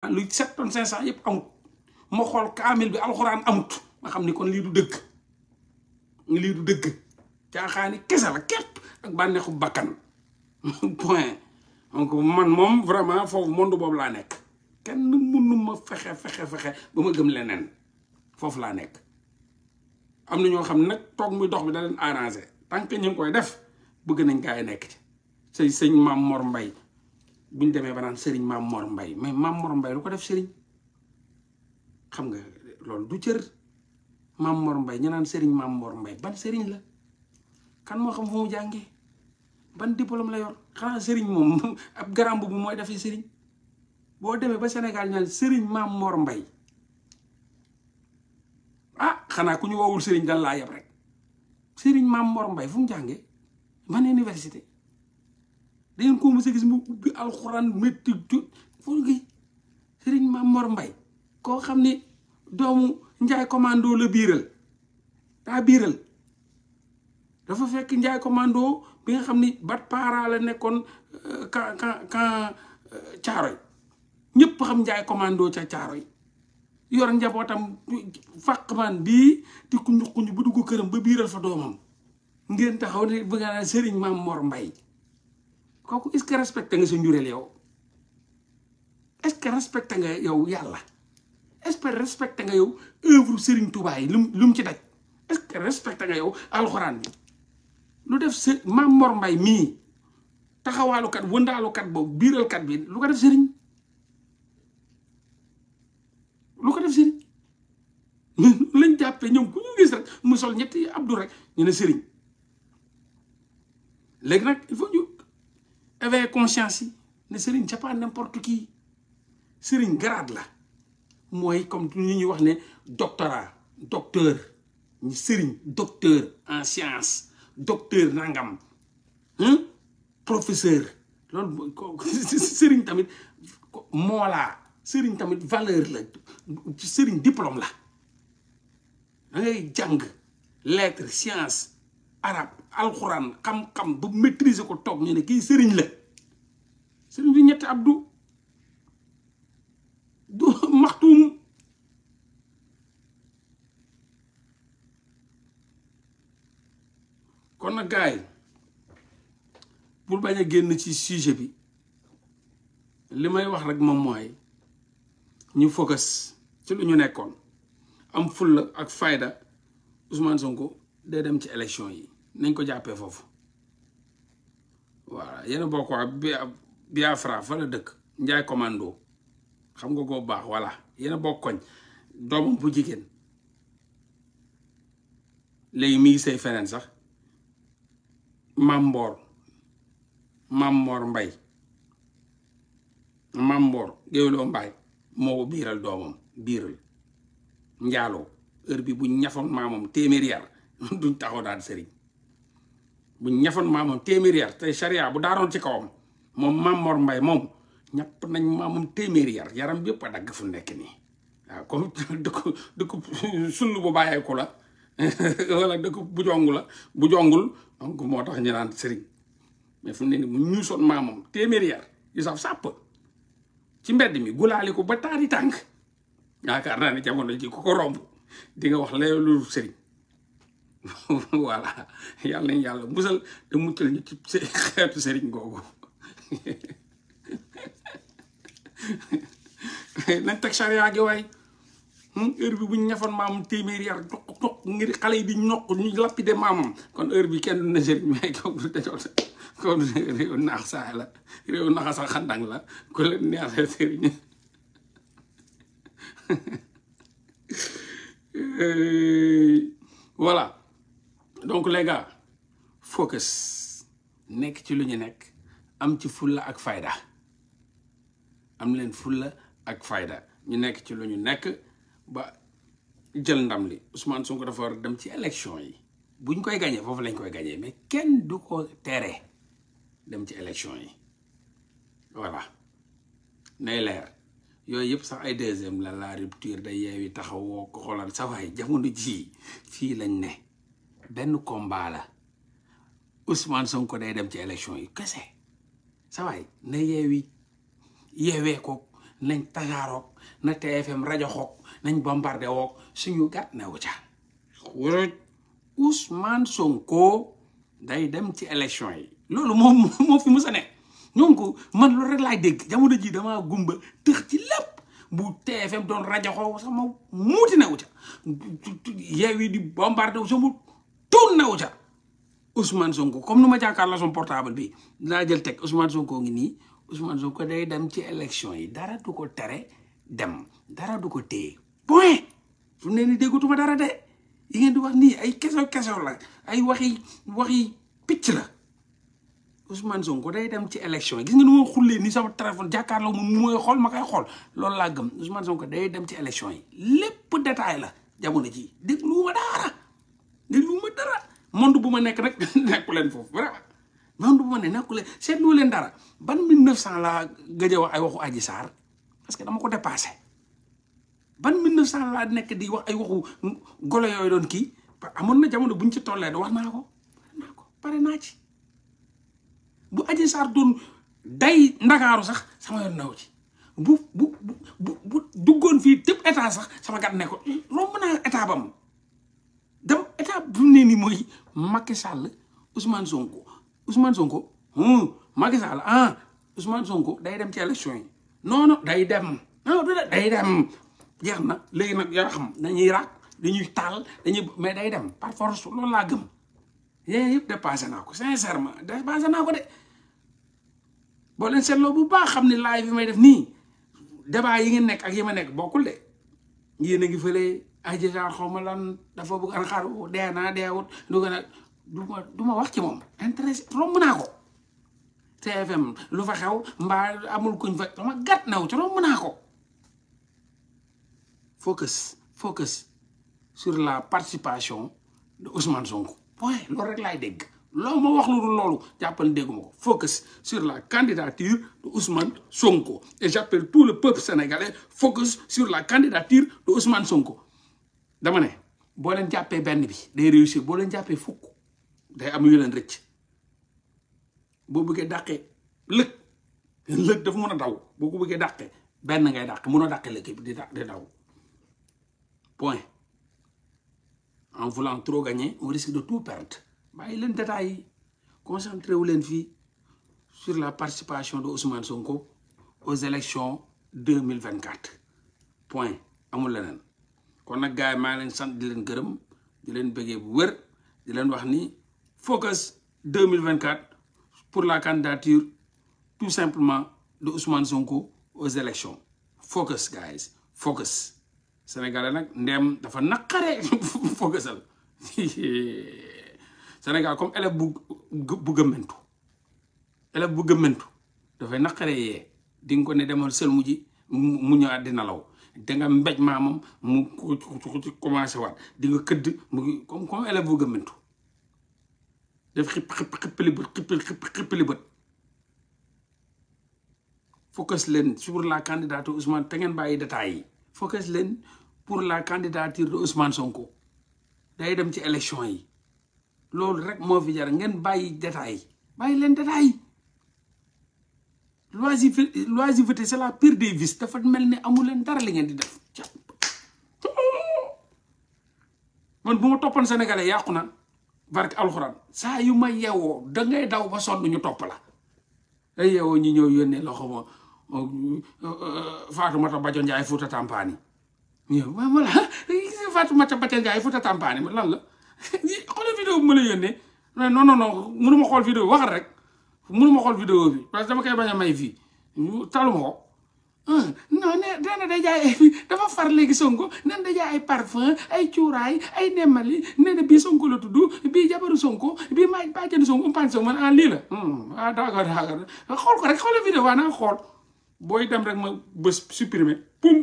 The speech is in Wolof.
Ah, lu sept tonnes cinq cent yëpp amut ma xool kaamil bi alxuraan amut ma xam ni kon lii du dëgg lii du dëgg caaxaani kese la képp ak bànneexu bakkan point donc man moom vraiment foofu monde boobu laa nekk kenn mënu fexe fexe fexe ba ma gëm leneen foofu laa nekk am na ñoo xam ne nag toog muy dox bi da leen arrangé tant koy def bëgg nañ gaa nekk ci sëñ sëñ maam Mor Mbay bu ñu demee ba naan sëriñ maam Mor Mbay mais maam Mor Mbay lu ko def sëriñ xam nga loolu du cër maam Mor Mbay ñu naan sëriñ maam Mor Mbay ban sëriñ la kan moo xam fu ban diplôme la yor xanaa sëriñ moom ab garambu bu boo demee ba Sénégal ñaan maam Mor Mbay ah xanaa ku ñu woowul sëriñ dan laa yeb rek sëriñ maam Mor Mbay fu mu jàngee ban université. da ngeen ko mos gis mu ubbi alxuraan métti ju foofu ngi sëriñ Maam Mbay koo xam ni doomu Njaay Commando la biiral daa biiral dafa fekk Njaay Commando bi nga xam ni bat la nekkoon euh, ka ka ka caaroy euh, ñëpp xam Njaay Commando ca yi yor njabootam fàq man bii di kuñu kuñu bu dugg këram ba biiral fa doomam ngeen taxaw ne bëgg naa Sëriñ Maam Mor Mbay kooku est-ce que respecté nga sa njureel yow est-ce nga yow yàlla est-ce nga yow œuvre Serigne Touba yi lu ci daj est-ce nga yow alxuraan bi lu def sa maam Mbay mii taxawaalukat wëndaalukat boobu biiralkat bi lu ko def Serigne lu ko def Serigne lañ jàppee ñoom ku ñu gis rek mu sol ñetti abdu rek ñu ne Serigne léegi nag il faut ñu éveillé conscience yi ne Serigne c'est pas n'importe qui Serigne grade la mooy comme ñu ñuy wax ne doctorat docteur ñu Serigne docteur en science docteur nangam professeur loolu tamit moolaa Serigne tamit valeur la Serigne diplôme la da ngay jàng lettre science arab alxuraan xam-xam ba maîtriser ko toog ñu ne kii sëriñ la sëriñ du ñetti abdu du maxtuum kon nag gars yi pour bañ a génn ci sujet bi li may wax rek moom mooy ñu focus ci lu ñu nekkoon am fulla ak fayda Ousmane Sonko day dem ci élection yi nañ ko jàppee foofu voilà yéen bokk waa Biafra fa la dëkk Njaay commando xam nga ko baax voilà yéen bokk koñ doomam bu jigéen léegi mi ngi sëy feneen sax Mamboor Mamboor Mbay Mamboor géwéloo Mbaay moo ko biiral doomam biiral njaaloo heure bi bu ñafoon maamam téeméer yar duñ a daan sëriñ bu ñafoon maamam téeméeri yar tey charia bu daaroon ci kawam moom maam Mor Mbay moom ñàpp nañ maamam téeméeri yar yaram bi yëpp a dagg fu nekk nii waaw comme bu bàyyeeku la wala dëkku bu jongu la bu jongul donc moo tax ñu daan sëriñ mais fu mu ne nii mu ñuusoon maamam téeméeri yar yu saf sàpp ci mbedd mi gulaali ko ba taari tànk yaakaar naa ne jamono ji ku ko romb di nga wax leelu sëriñ voilà yàlla nañu yàlla musal te muccal ñu ci xeetu sëriñ googu nañ teg charia gi waay hmm? heure bi bu ñu ñafoon maamam téeméeri yar doq doq ngir xale yi di ñoq ñu lappide maamam kon heure bi kenn na sëriñ mais kooku dañoo kon réew naax saay la réew naxa sa xandang la ku leen neexee sëriñ euh, voilà donc les gars focus nekk ci lu ñu nekk am ci fulla ak fayda am leen fulla ak fayda ñu nekk ci lu ñu nekk ba jël ndam li Ousmane Sonko dafa war dem ci élection yi buñ koy gañee foofu lañ koy gañee mais kenn du ko tere dem ci élection yi voilà nay leer yooyu yëpp sax ay deuxième la la rupture day yeewi taxawoo ko xoolal sa waay jamono ji fii lañ ne benn combat la Ousmane Sonko day dem ci élection yi kese sa waay na yeewi yeewee koog nañ tasaaroog na TFM rajoxook xoog nañ bombardé woog suñu gàtt na wu ca Sonko day dem ci élection yi loolu moom moo fi musa ne ñoom ko man loolu rek laay dégg jamono ji damaa gumba tëx ci lépp bu TFM doon rajo xoog sama muuti na yeewi di bombardé wu yoon newu ca Ousmane Sonko comme nu ma jàkkaarloo son portable bi laa jël teg Ousmane Sonko ngi nii Ousmane Sonko day dem ci élection yi dara du ko tere dem dara du ko téye point fu ne ni déggutuma dara de ngeen di wax nii ay kesew kesew la ay waxi waxi picc la Ousmane day dem ci élection yi nga nu ma xullee nii sama téléphone jàkkaarloo mu mooy xool ma koy xool loolu laa gëm Ousmane Sonko day dem ci élection yi lépp détail la jamono ji dégluwuma dara monde bu ma nekk nag nekku leen foofu vraiment monde bu ma nekk nekku leen seetlu leen dara ban 1900 laa gëj wax ay waxu aji saar parce que dama ko dépassé ban 1900 laa nekk di wax ay waxu golo yooyu doon kii amoon na jamono buñ ci tollee wax naa ko ko pare naa ci bu aji Sarr doon day ndakaaru sax sama yoon naw ci bu bu bu bu duggoon fii tëb état sax sama gat ne ko romb naa état bam étape bu ne ni mooy Macky Sall Ousmane Sonko Ousmane Sonko Macky Sall ah Ousmane Sonko day dem ci élection yi non non day dem non day dem jeex na léegi nag yoo xam dañuy raak dañuy taal dañuy mais day dem par force loolu laa gëm yéen yëpp dépassé naa ko sincèrement dépassé naa ko de boo leen seetloo bu baax xam ne live bi may def nii débat yi ngeen nekk ak yi ma nekk bokkul de yéen a ngi fële. ay jësaan xaw ma lan dafa bëgg an xaru dee naa deewut du gën a du ma wax ci moom intéressé romb naa ko TFM lu fa xew mbaa amul kuñ fa dama gàtt naw ci romb naa focus sur la participation de Ousmane Sonko point loolu rek dégg loo wax loolu jàppal dégguma ko focus sur la candidature de Ousmane Sonko et j'appelle tout le peuple sénégalais focus sur la candidature de Ousmane Sonko dama ne boo leen jàppee benn bi day réussir boo leen jàppee fukk day am yu leen rëcc boo buggee dàqee lëg lëg dafa mën a daw boo ko bëggee dàqee benn ngay dàq mun a dàqee lëg bi di dàq di daw point en voulant trop gagner on risque de tout perdre bàyyi leen détails yi concentré wu leen fii sur la participation de Ousmane Sonko aux élections deux mille vingt quatre point amul leneen. kon nag gars yi maa leen sant di leen gërëm di leen bëggee bu wër di leen wax ni focus 2024 pour la candidature tout simplement de Ousmane Sonko aux élections focus guys focus sénégalais nag ndem dafa naqare focusal Sénégal comme élève bu bu gëmmentu élève bu gëmmentu dafay naqare yee di ko ne demal sël mu ji mu ñëwaat dina law da nga mbéj maamam mu commencé waat di nga këdd mu ngi comme comme élève bu gëmmantu def xip xip xippali bët xip xippali bët focus leen sur la candidature Ousmane te ngeen bàyyi détails yi focus leen pour la candidature de Ousmane Sonko day dem ci élection yi loolu rek moo fi jar ngeen bàyyi détails yi bàyyi leen détails yi loisiveté loisiveté c'est la pire des vices dafa mel ni amu leen dara li ngeen di def man bu ma toppoon sénégalais yàqu na barke alxuraan saa yu ma yeewoo da ngay daw ba sonn ñu topp la da yeewoo ñu ñëw yónnee loxo ma Fatoumata Badio Ndiaye Fouta Tampani ñëw ma ma la Fatoumata Badio Ndiaye Fouta lan la xoolal vidéo bu ma la yónnee non non xool vidéo waxal rek. ma xool vidéo bi parce que dama koy bañ a may fii taluma ko non ne da day jaay fa far léegi sonko nan da jaay ay parfum ay cuuraay ay nemmali ne na bii sonko la tudd bii jabaru sonko bi ma bàjjani sonko umpaañ sonko ma ah lii la hmm, ah d'accord d'accord xool ko rek xoolal xool booy dem rek ma bës supprimer pum